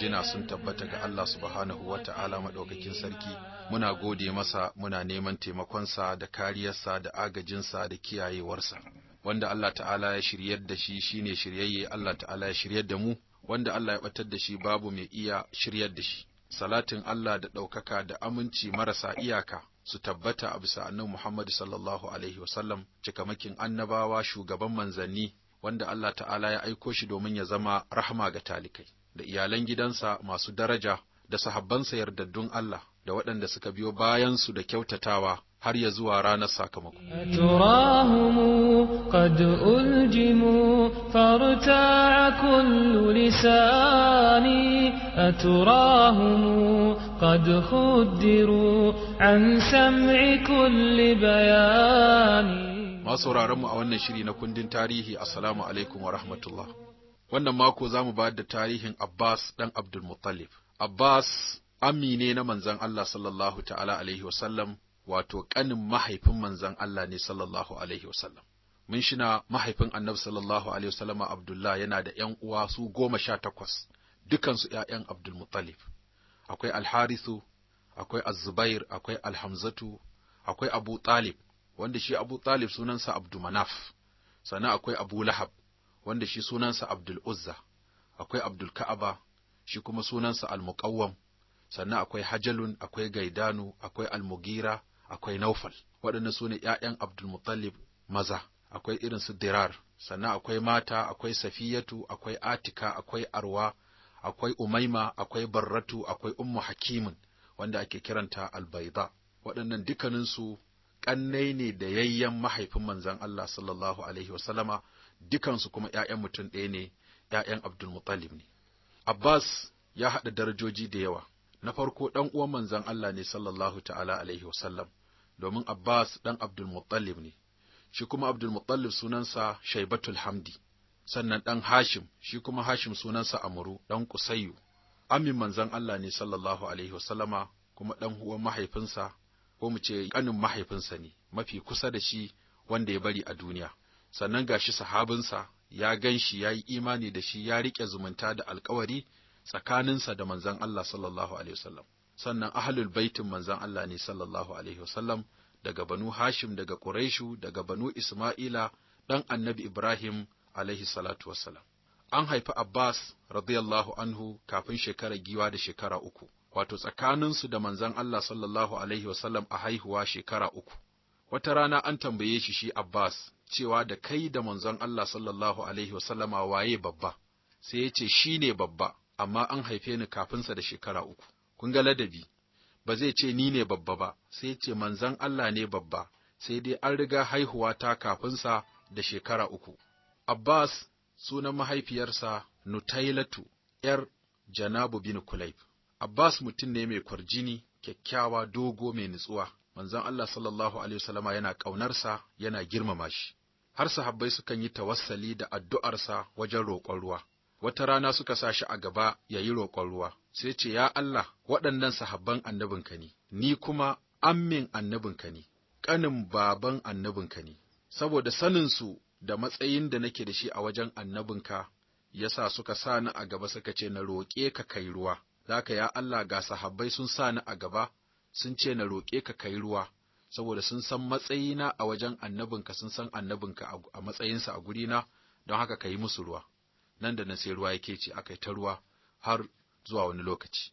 jina sun tabbata ga Allah subhanahu wa ta'ala maɗaukakin sarki, muna gode masa muna neman taimakonsa da kariyarsa da agajinsa da kiyayewarsa. Wanda Allah ta'ala ya shiryar da shi shi ne shiryayye Allah ta'ala ya shiryar da mu, wanda Allah ya batar da shi babu mai iya shiryar da shi. Salatin Allah da ɗaukaka da aminci marasa iyaka su tabbata a bisa annabi Muhammadu sallallahu alaihi wasallam cikamakin annabawa shugaban manzanni wanda Allah ta'ala ya aiko shi domin ya zama rahama ga talikai. da iyalan gidansa masu daraja da sahabbansa yardaddun Allah da waɗanda suka biyo bayansu da kyautatawa har ya zuwa ranar sakamako. Turahumu qad uljimu farta'a kullu lisani aturahumu an sam'i kulli bayani. Masu mu a wannan shiri na kundin tarihi Assalamu alaikum wa rahmatullah. Wannan mako za mu bayar da tarihin Abbas ɗan Abdulmuttalib. Abbas amine na manzan Allah sallallahu ta'ala alaihi wasallam wato ƙanin mahaifin manzan Allah ne sallallahu alaihi wasallam. Mun shina mahaifin annabi sallallahu alaihi wasallama Abdullah yana da ‘yan uwa su goma sha takwas, dukansu ‘ya'yan Abdulmuttalib. Akwai Alharisu, akwai azubair akwai Alhamzatu, akwai Abu Talib, wanda shi Abu Talib sunansa Abdu Manaf, sannan akwai Abu Lahab, wanda shi sunansa Abdul Uzza akwai Abdul Ka'aba shi kuma sunansa Al-Muqawwam sannan akwai Hajalun akwai Gaidanu akwai Al-Mugira akwai Naufal waɗannan sune 'ya'yan Abdul Muttalib maza akwai irin su Dirar sannan akwai mata akwai Safiyatu akwai Atika akwai Arwa akwai Umaima akwai Barratu akwai Ummu Hakimin wanda ake kiranta Al-Baida waɗannan dukkaninsu ƙannai ne da yayyan mahaifin manzon Allah sallallahu alaihi wasallama dukansu kuma ‘ya'yan mutum ɗaya ne, ‘ya'yan Abdulmuttalib ne. Abbas ya haɗa darajoji da yawa, na farko ɗan uwan manzan Allah ne sallallahu ta'ala alaihi wasallam, domin Abbas ɗan Abdulmuttalib ne, shi kuma Abdulmuttalib sunansa Shaibatul Hamdi, sannan ɗan Hashim, shi kuma Hashim sunansa Amuru ɗan Kusayyu, amin manzan Allah ne sallallahu alaihi wasallama kuma ɗan uwan mahaifinsa ko mu ce ƙanin mahaifinsa ne mafi kusa da shi wanda ya bari a duniya. sannan gashi sahabinsa ya gan shi ya yi imani da shi ya riƙe zumunta da alkawari tsakaninsa da manzan Allah sallallahu alaihi wasallam sannan ahlul baitin manzon Allah ne sallallahu alaihi wasallam daga banu Hashim daga Quraishu daga banu Isma'ila ɗan annabi Ibrahim alaihi salatu wassalam an haifi Abbas radiyallahu anhu kafin shekara giwa da shekara uku wato tsakaninsu da manzan Allah sallallahu alaihi wasallam a haihuwa shekara uku wata rana an tambaye shi shi Abbas cewa da kai da manzon Allah sallallahu alaihi wasallama waye babba sai ya ce shi ne babba amma an haife ni kafinsa da shekara uku kun ga ladabi ba zai ce ni ne babba ba sai ya ce manzon Allah ne babba sai dai an riga haihuwa ta kafinsa da shekara uku Abbas sunan mahaifiyarsa Nutailatu ‘yar Janabu bin Kulaib. Abbas mutum ne mai kwarjini, kyakkyawa, dogo mai nutsuwa. Manzon Allah sallallahu Alaihi wasallama yana ƙaunarsa yana girmama shi. har sahabbai sukan yi tawassali da addu'arsa wajen roƙon ruwa. Wata rana suka sa shi a gaba ya yi roƙon ruwa, sai ce, Ya Allah, waɗannan sahabban annabinka ne, ni kuma ammin annabinka ne, ƙanin baban annabinka ne, saboda saninsu da matsayin da nake da shi a wajen annabinka, ya sa suka sa ni a gaba suka ce, Na roƙe ka kai ruwa, za ka ya Allah ga sahabbai sun sa ni a gaba, sun ce, Na roƙe ka kai ruwa, saboda sun san matsayina a wajen annabinka sun san annabinka a matsayinsa a gurina don haka ka yi musu ruwa nan da na sai ruwa yake ce aka yi ta ruwa har zuwa wani lokaci.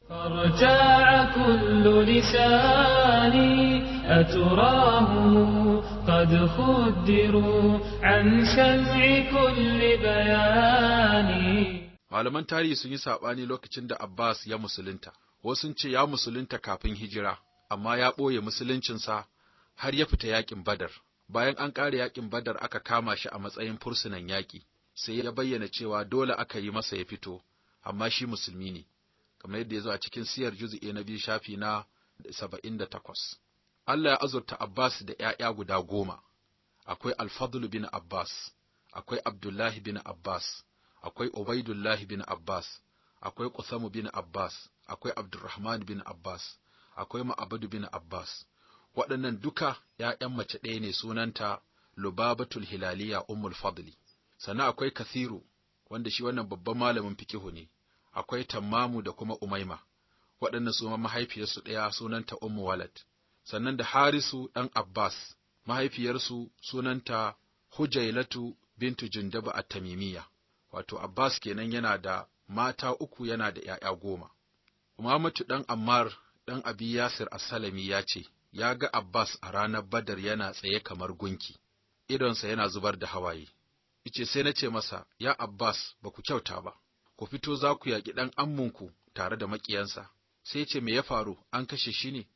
Malaman tarihi sun yi saɓani lokacin da Abbas ya musulunta, wasu sun ce ya musulunta kafin hijira, amma ya ɓoye musuluncinsa har ya fita yaƙin Badar. Bayan an ƙare yakin Badar aka kama shi a matsayin fursunan yaƙi, sai ya bayyana cewa dole aka yi masa ya fito, amma shi musulmi ne, kamar yadda ya zo a cikin siyar juzi'e na biyu shafi na saba'in da takwas. Allah ya azurta Abbas da ‘ya'ya guda goma, akwai Alfadlu bin Abbas, akwai Abdullahi bin Abbas, akwai Ubaidullahi bin Abbas, akwai Kusamu bin Abbas, akwai Abdurrahman bin Abbas, akwai Ma'abadu bin Abbas, waɗannan duka ‘ya'yan mace ɗaya ne sunanta Lubabatul Hilaliya Ummul Fadli. Sannan akwai Kathiru, wanda shi wannan babban malamin fikihu ne, akwai Tammamu da kuma Umaima, waɗannan su mahaifiyarsu ɗaya sunanta Ummu Walad. Sannan da Harisu ɗan Abbas, mahaifiyarsu sunanta Hujailatu bintu Jundaba at tamimiya Wato Abbas kenan yana da mata uku yana da ‘ya'ya goma. Umamatu ɗan Ammar ɗan Abi Yasir As-Salami ya ce, ya ga Abbas a ranar Badar yana tsaye kamar gunki, idonsa yana zubar da hawaye. Ice sai na ce masa, Ya Abbas, ba ku kyauta ba, ku fito za ku yaƙi ɗan amminku tare da maƙiyansa. Sai ce me ya faru, an kashe shi ne?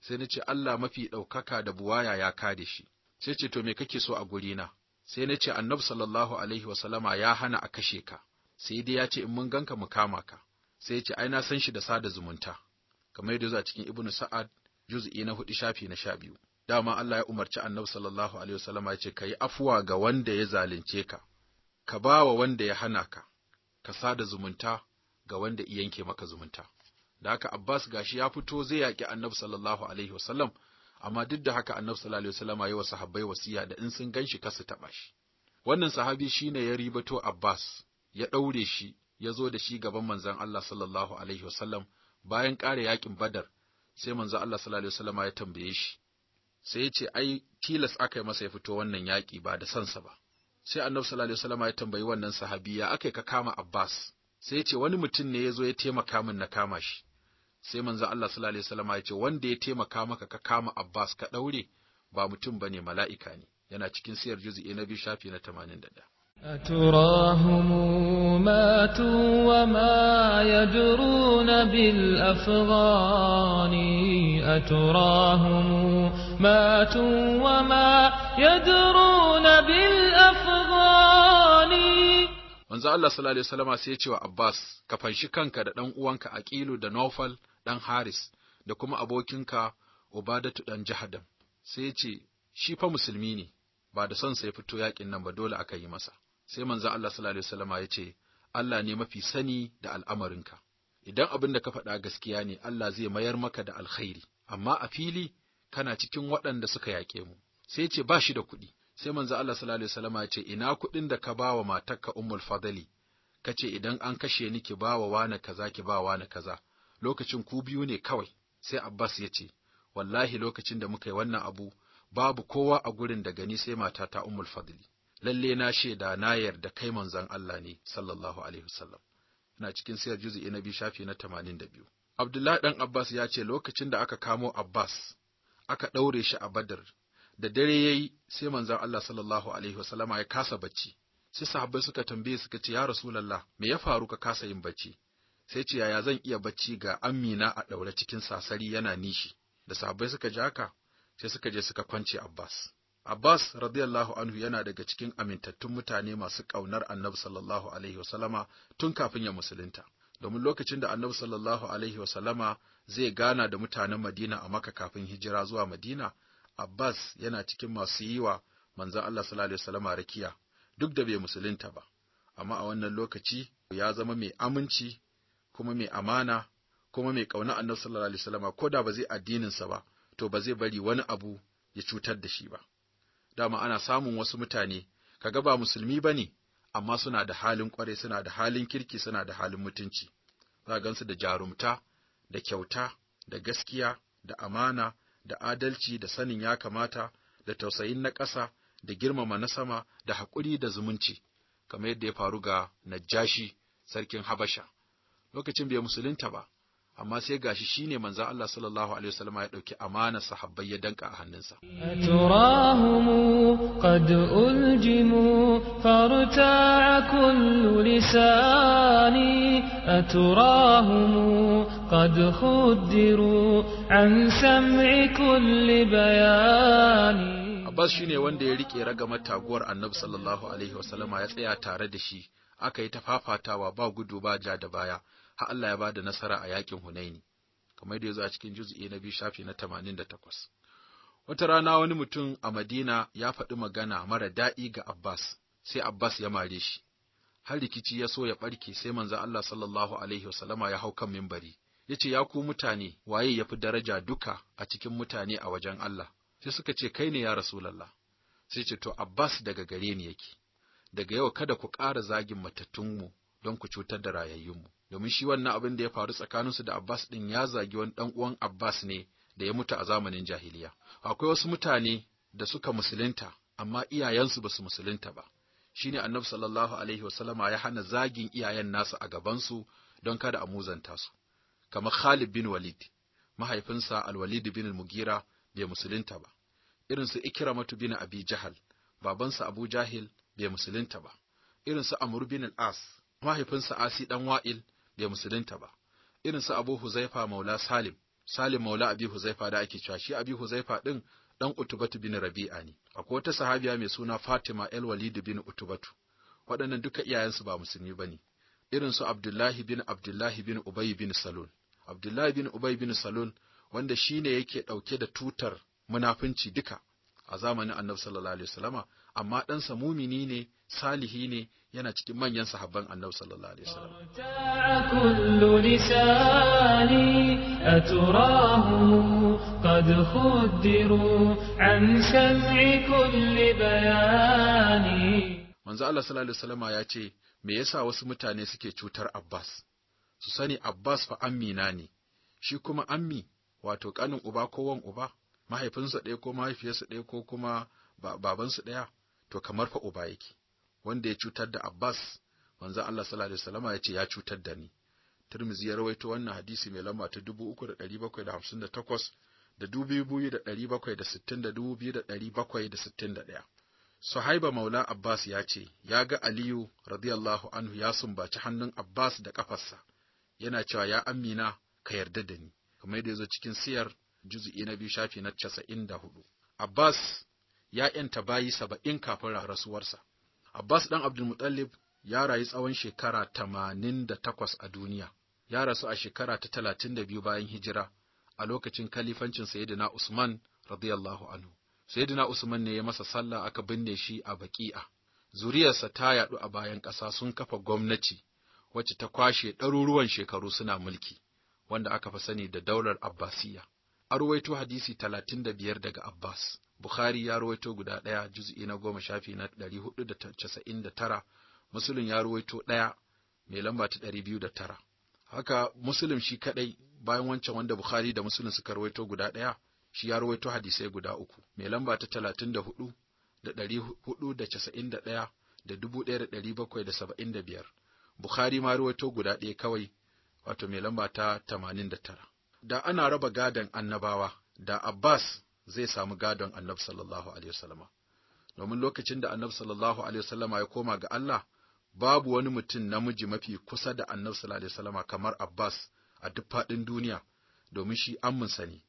Sai na ce Allah mafi ɗaukaka da buwaya ya kare shi. Sai ce to me kake so a gurina? Sai na ce annabi sallallahu alaihi wasallama ya hana a kashe ka. Sai dai ya ce in mun ganka mu kama ka. Sai ce ai na san shi da sada zumunta. Kamar yadda a cikin Ibnu Sa'ad juz'i na hudu shafi na sha biyu dama Allah ya umarci annabi sallallahu alaihi wasallama ya ce ka yi afuwa ga wanda ya zalunce ka ka ba wa wanda ya hana ka ka sada zumunta ga wanda iya yanke maka zumunta da haka Abbas gashi ya fito zai yaƙi annabi sallallahu alaihi wasallam amma duk da haka annabi sallallahu alaihi wasallam ya wa sahabbai wasiya da in sun ganshi kasu taɓa shi wannan sahabi ne ya ribato Abbas ya ɗaure shi ya zo da shi gaban manzon Allah sallallahu alaihi wasallam bayan ƙare yaƙin Badar sai manzo Allah sallallahu alaihi wasallam ya tambaye shi sai ya ce ai tilas aka yi masa ya fito wannan yaƙi ba da sansa ba sai annabi sallallahu alaihi wasallam ya tambayi wannan sahabiya aka ka kama Abbas sai ya ce wani mutum ne ya zo ya taimaka min na kama shi sai manzo Allah sallallahu alaihi wasallam ya ce wanda ya taimaka maka ka kama Abbas ka daure ba mutum bane mala'ika ne yana cikin siyar juz'i na biyu shafi na 81 أترى همومات وما يجرون بالأفغان أترى همومات وما يجرون بالأفغان manzo Allah sallallahu alaihi wasallama sai ya ce wa Abbas ka fanshi kanka da dan uwanka Aqilu da Nawfal dan Haris da kuma abokinka Ubadatu dan Jahadam sai ya ce shi fa musulmi ne ba da son sa ya fito yakin nan ba dole aka yi masa sai manzo Allah sallallahu alaihi wasallama ya ce Allah ne mafi sani da al'amarinka idan abin da ka faɗa gaskiya ne Allah zai mayar maka da alkhairi amma a fili kana cikin waɗanda suka yaƙe mu sai ce ba shi da kuɗi sai manzo Allah sallallahu alaihi wasallama ya ce ina kuɗin da ka bawa matarka ummul fadali kace idan an kashe ni ki bawa wani kaza ki ba wani kaza lokacin ku biyu ne kawai sai Abbas ya ce wallahi lokacin da muka yi wannan abu babu kowa a gurin da gani sai matata ummul fadli lalle na shaida na yarda kai manzon Allah ne sallallahu alaihi wasallam ina cikin sayar juzi na biyu shafi na 82 Abdullahi dan Abbas ya ce lokacin da aka kamo Abbas aka daure shi a Badr da dare yayi sai manzon Allah sallallahu alaihi wasallam ya kasa bacci sai sahabbai suka tambaye suka ce ya rasulullah me ya faru ka kasa yin bacci sai ce yaya zan iya bacci ga amina a daure cikin sasari yana nishi da sahabbai suka ji haka sai suka je suka kwance Abbas Abbas radiyallahu anhu yana daga cikin amintattun mutane masu ƙaunar Annabi sallallahu alaihi wasallama tun kafin ya musulunta. Domin lokacin da Annabi sallallahu alaihi wasallama zai gana da mutanen Madina a maka kafin hijira zuwa Madina, Abbas yana cikin masu yi wa manzon Allah sallallahu alaihi rakiya duk da bai musulunta ba. Amma a wannan lokaci ya zama mai aminci kuma mai amana kuma mai ƙauna Annabi sallallahu alaihi wasallama ko da ba zai addinin sa ba, to ba zai bari wani abu ya cutar da shi ba. dama ana samun wasu mutane kaga ba musulmi ba ne amma suna da halin kwarai suna da halin kirki suna da halin mutunci za gansu da jarumta da kyauta da gaskiya da amana da adalci da sanin ya kamata da tausayin na ƙasa da girmama na sama da haƙuri da zumunci kamar yadda ya faru ga Najashi sarkin Habasha lokacin bai musulunta ba amma sai gashi shine manzon Allah sallallahu alaihi wasallam ya dauki amana sahabbai ya danka a hannunsa turahumu, qad uljimu farta'a kullu lisani aturahum qad khuddiru an sam'i kulli bayani Abbas shine wanda ya rike ragamar taguwar Annabi sallallahu alaihi wasallam ya tsaya tare da shi aka yi ta fafatawa ba gudu ba ja da baya har Allah ya ba da nasara a yakin Hunaini kamar da zo a cikin juz'i na biyu shafi na tamanin da takwas. wata rana wani mutum a Madina ya faɗi magana mara daɗi ga Abbas sai Abbas ya mare shi har rikici ya so ya ɓarke sai manzo Allah sallallahu alaihi wasallama ya hau kan mimbari ya ce ya ku mutane waye ya fi daraja duka a cikin mutane a wajen Allah sai suka ce kai ne ya Rasulallah sai ce to Abbas daga gare ni yake daga yau kada ku ƙara zagin matattunmu don ku cutar da rayayyunmu domin shi wannan abin da ya faru tsakaninsu da Abbas ɗin ya zagi wani ɗan uwan Abbas ne da ya mutu a zamanin jahiliya akwai wasu mutane da suka musulunta amma iyayensu basu musulunta ba Shi ne Annabi sallallahu alaihi wasallama ya hana zagin iyayen nasu a gabansu don kada a muzanta su kamar Khalid bin Walid mahaifinsa Al-Walid bin Mugira bai musulunta ba Irinsu su Ikramatu bin Abi Jahal babansa Abu Jahil bai musulunta ba irin su Amur bin al’as, as mahaifinsa Asi ɗan Wa'il bai musulunta ba irin su Abu Huzaifa Maula Salim Salim Maula Abi Huzaifa da ake cewa shi Abi Huzaifa ɗin ɗan Utubatu bin Rabi'a ne akwai wata sahabiya mai suna Fatima El Walidu bin Utubatu waɗannan duka iyayensu ba musulmi ba ne. irin su Abdullahi bin Abdullahi bin Ubay bin Salun. Abdullahi bin Ubay bin Salun wanda shi ne yake ɗauke da tutar munafunci duka a zamanin annabi sallallahu alaihi wasallama amma ɗansa mumini ne salihi ne yana cikin manyan sahabban annabi sallallahu alaihi wasallam manzo Allah sallallahu alaihi wasallama ya ce me yasa wasu mutane suke cutar Abbas su sani Abbas fa Amina ne shi kuma ammi wato kanin uba ko wan uba mahaifinsa ɗaya ko mahaifiyarsa ɗaya ko kuma babansu ɗaya to kamar fa uba yake wanda ya cutar da Abbas manzo Allah sallallahu alaihi wasallama ya ce ya cutar da ni Tirmizi ya rawaito wannan hadisi mai lamba ta 3758 da 2760 da 2761 Suhaiba Maula Abbas ya ce ya ga Aliyu radiyallahu anhu ya sumbaci hannun Abbas da kafarsa yana cewa ya Amina ka yarda da ni kamar yadda yazo cikin siyar juz'i na biyu shafi na casa'in da hudu. Abbas ya ‘yanta bayi saba'in kafin rasuwarsa. Abbas ɗan Abdulmutallib ya rayu tsawon shekara tamanin da takwas a duniya, ya rasu a shekara ta talatin da biyu bayan hijira a lokacin kalifancin Sayyidina Usman radiyallahu anhu. Sayyidina Usman ne ya masa sallah aka binne shi a baki'a. Zuriyarsa ta yaɗu a bayan ƙasa sun kafa gwamnati wacce ta kwashe ɗaruruwan shekaru suna mulki, wanda aka fi sani da daular Abbasiyya. a ruwaito hadisi talatin da biyar daga Abbas, Bukhari ya ruwaito guda ɗaya juz'i na goma shafi na ɗari hudu da casa'in da tara, Musulun ya ruwaito ɗaya mai lamba ta ɗari biyu da tara. Haka Musulun shi kaɗai bayan wancan wanda Bukhari da Musulun suka ruwaito guda ɗaya, shi ya ruwaito hadisai guda uku, mai lamba ta talatin da hudu da ɗari hudu da casa'in da ɗaya da dubu ɗaya da ɗari bakwai da saba'in da biyar. Bukhari ma ruwaito guda ɗaya kawai, wato mai lamba ta tamanin da tara. da ana raba gadon annabawa, da Abbas zai samu gadon annabi sallallahu Alaihi wasallama. Domin lokacin da annabi sallallahu Alaihi wasallama ya koma ga Allah, babu wani mutum namiji mafi kusa da annab sallallahu Alaihi wasallama kamar Abbas a duk faɗin duniya, domin shi amminsa ne.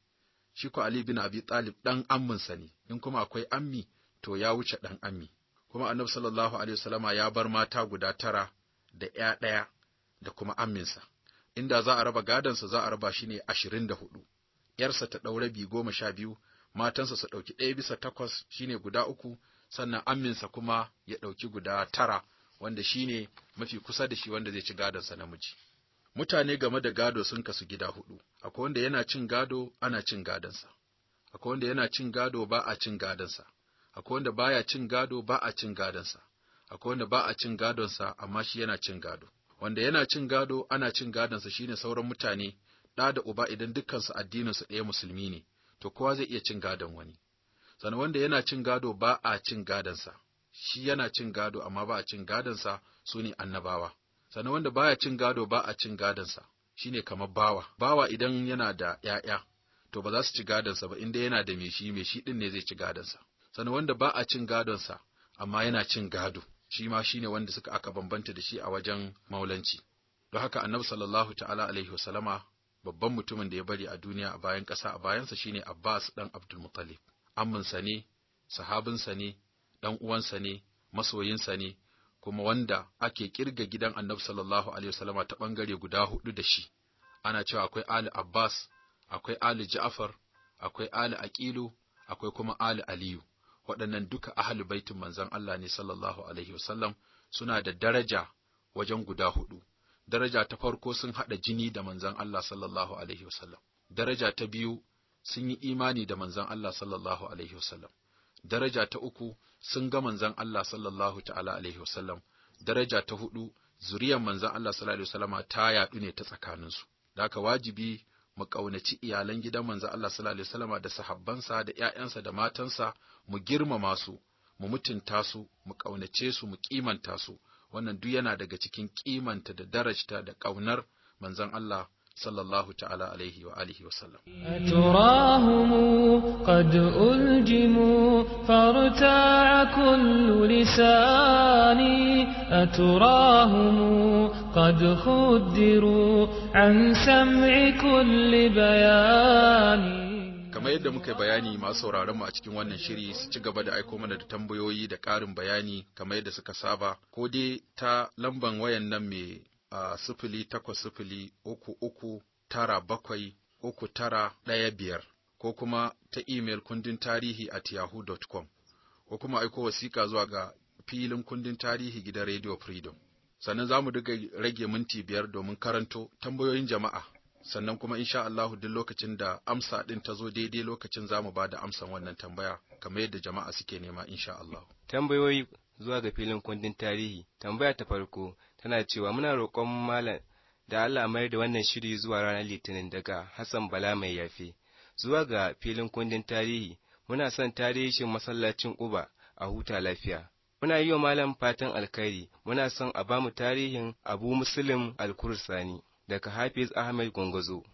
Shi Ali bin Abi Talib ɗan amminsa ne, in kuma akwai ammi, to ya wuce ɗan ammi. Kuma annabi sallallahu Alaihi wasallama ya bar mata guda tara da ‘ya ɗaya da kuma amminsa. inda za a raba gadansa za a raba shi ne ashirin da hudu, ‘yarsa ta ɗaure bi goma sha biyu, matansa su ɗauki ɗaya bisa takwas shi ne guda uku, sannan aminsa kuma ya ɗauki guda tara, wanda shi ne mafi kusa da shi wanda zai ci gadonsa namiji. Mutane game da gado sun kasu gida hudu. akwai wanda yana cin gado ana cin gadonsa, akwai wanda yana cin gado ba a cin gadonsa, akwai wanda baya cin gado ba a cin gadonsa, akwai wanda ba a cin gadonsa amma shi yana cin gado. wanda yana cin gado ana cin gadonsa shine sauran mutane ɗa da uba idan dukkansu addininsu ɗaya musulmi ne to kowa zai iya cin gadon wani sannan wanda yana cin gado ba a cin gadonsa shi yana cin gado amma ba a cin gadonsa su ne annabawa sannan wanda baya cin gado ba a cin gadonsa shine kamar bawa bawa idan yana da ‘ya'ya to ba za su ci gadonsa ba inda yana da me shi me shi ɗin ne zai ci gadonsa sannan wanda ba a cin gadonsa amma yana cin gado shi ma shi ne wanda suka aka bambanta da shi a wajen maulanci don haka annabi sallallahu ta'ala alaihi salama babban mutumin da ya bari a duniya a bayan ƙasa a bayansa shi ne Abbas ɗan Abdul Muttalib amminsa ne sahabinsa ne ɗan uwansa ne masoyinsa ne kuma wanda ake kirga gidan annabi sallallahu alaihi wa salama ta ɓangare guda hudu da shi ana cewa akwai ali abbas akwai ali ja'far akwai ali aqilu akwai kuma ali aliyu waɗannan duka ahli baitin manzan Allah ne sallallahu alaihi wasallam suna da daraja wajen guda hudu daraja ta farko sun haɗa jini da manzan Allah sallallahu alaihi wasallam daraja ta biyu sun yi imani da manzan Allah sallallahu alaihi wasallam daraja ta uku sun ga manzan Allah sallallahu ta'ala alaihi wasallam daraja ta hudu zuriyar manzan Allah sallallahu alaihi wasallama ta yaɗu ne ta tsakaninsu da haka wajibi mu ƙaunaci iyalan gidan manzo Allah sallallahu alaihi wasallama da sahabbansa da ƴaƴansa da matansa mu girmama su mu mutunta su mu ƙaunace su mu kimanta su wannan duk yana daga cikin kimanta da darajta da ƙaunar manzon Allah sallallahu ta'ala alaihi wa alihi wa sallam turahum qad uljimu farta'a kullu lisani aturahum qad khuddiru an sam'i kulli bayani kamar yadda muka bayani masu sauraron mu a cikin wannan shiri su ci gaba da aiko mana da tambayoyi da ƙarin bayani kamar yadda suka saba ko dai ta lamban wayan nan mai a sifili takwas sifili uku uku tara bakwai uku tara ɗaya biyar ko kuma ta imel kundin tarihi a yahoo.com ko kuma aiko wasiƙa zuwa ga filin kundin tarihi gidan Radio Freedom. Sannan za mu duka rage minti biyar domin karanto tambayoyin jama'a. Sannan kuma insha Allah duk lokacin da amsa ɗin ta zo daidai lokacin za mu ba amsan wannan tambaya kamar yadda jama'a suke nema insha Allah Tambayoyi zuwa ga filin kundin tarihi. Tambaya ta farko, tana cewa muna roƙon malam da Allah mayar da wannan shiri zuwa ranar Litinin daga Hassan Bala mai yafe zuwa ga filin kundin tarihi muna son tarihin masallacin Uba a huta lafiya muna yi wa malam fatan alkhairi muna son a bamu tarihin Abu Muslim Al-Kursani daga Hafiz Ahmed Gongozo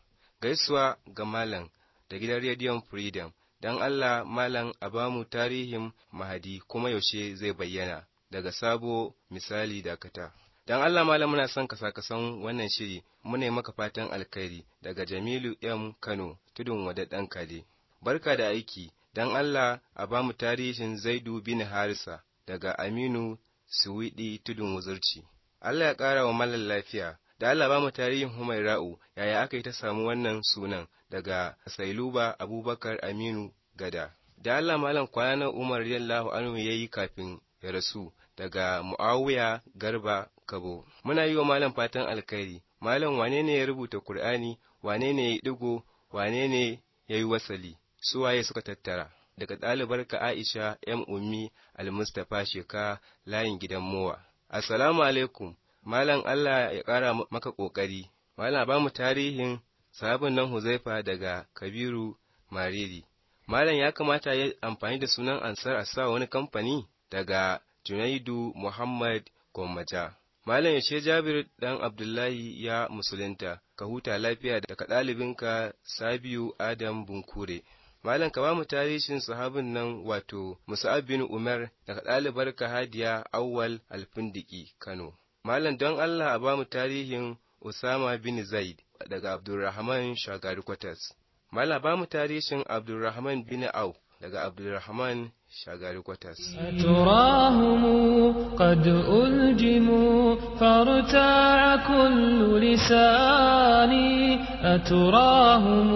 gaisuwa ga malam da gidan rediyon Freedom dan Allah malam a bamu tarihin Mahadi kuma yaushe zai bayyana daga sabo misali dakata Don Allah malam muna son ka saka san wannan shiri. Muna maka fatan alkhairi daga Jamilu M Kano, tudun wada dan Kale. Barka da aiki. Don Allah a ba mu tarihin Zaidu bin Harisa daga Aminu Suwidi tudun wuzurci. Allah ya ƙara wa malam lafiya. Da Allah ba mu tarihin Ra'u, yaya aka yi ta samu wannan sunan daga Sailuba Abubakar Aminu Gada. Da Allah malam kwanan Umar radiyallahu anhu yayi kafin ya rasu daga Muawiya Garba Kabo. Muna yi wa Malam fatan alkhairi. Malam wane ne ya rubuta Kur'ani, wane ne ya digo, wane ne ya yi wasali, Su waye suka tattara. Daga ɗalibar ka Aisha yan Ummi Al-Mustapha Sheka layin gidan Mowa. Assalamu alaikum, Malam Allah ya ƙara maka ƙoƙari. Malam ba mu tarihin sabon nan Huzaifa daga Kabiru Mariri. Malam ya kamata ya amfani da sunan Ansar a sa wani kamfani daga Junaidu Muhammad Gwammaja. Malam Yashe Jabir ɗan Abdullahi ya musulunta, ka huta lafiya daga ɗalibinka Sabiu Adam Bunkure. Malam ka ba mu tarihin sahabin nan wato Musa'ab bin Umar daga ɗalibarka Hadiya Awwal Alfindiki Kano. Malam don Allah a ba mu tarihin Usama bin Zaid daga Abdulrahman Shagari Kwatas. Malam ba mu tarihin Abdulrahman bin Au daga Abdulrahman shagari turahumu, turahum qad uljimu farta'a kullu lisani aturahum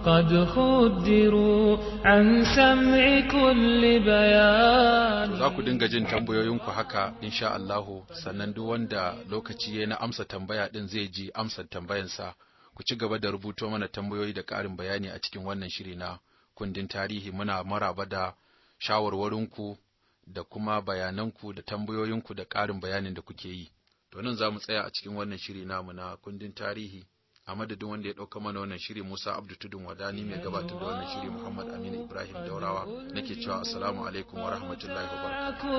قد خدروا عن سمع كل بيان za ku dinga jin tambayoyinku haka insha sannan duk wanda lokaci yayi na amsa tambaya din zai ji amsar tambayansa ku ci gaba da rubuto mana tambayoyi da ƙarin bayani a cikin wannan shiri na kundin tarihi muna maraba da shawarwarinku da kuma bayananku da tambayoyinku da ƙarin bayanin da kuke yi. To nan za mu tsaya a cikin wannan shiri namu na kundin tarihi a madadin wanda ya ɗauka mana wannan shiri Musa Abdu Tudun Wadani mai gabatar da wannan shiri Muhammad Aminu Ibrahim Daurawa nake cewa assalamu alaikum wa rahmatullahi wa barakatuh.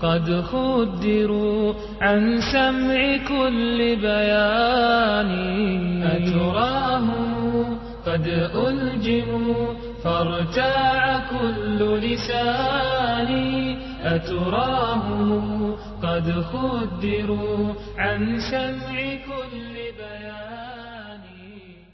قد خدروا عن سمع قد ألجموا فارتاع كل لساني أتراهم قد خدروا عن سمع كل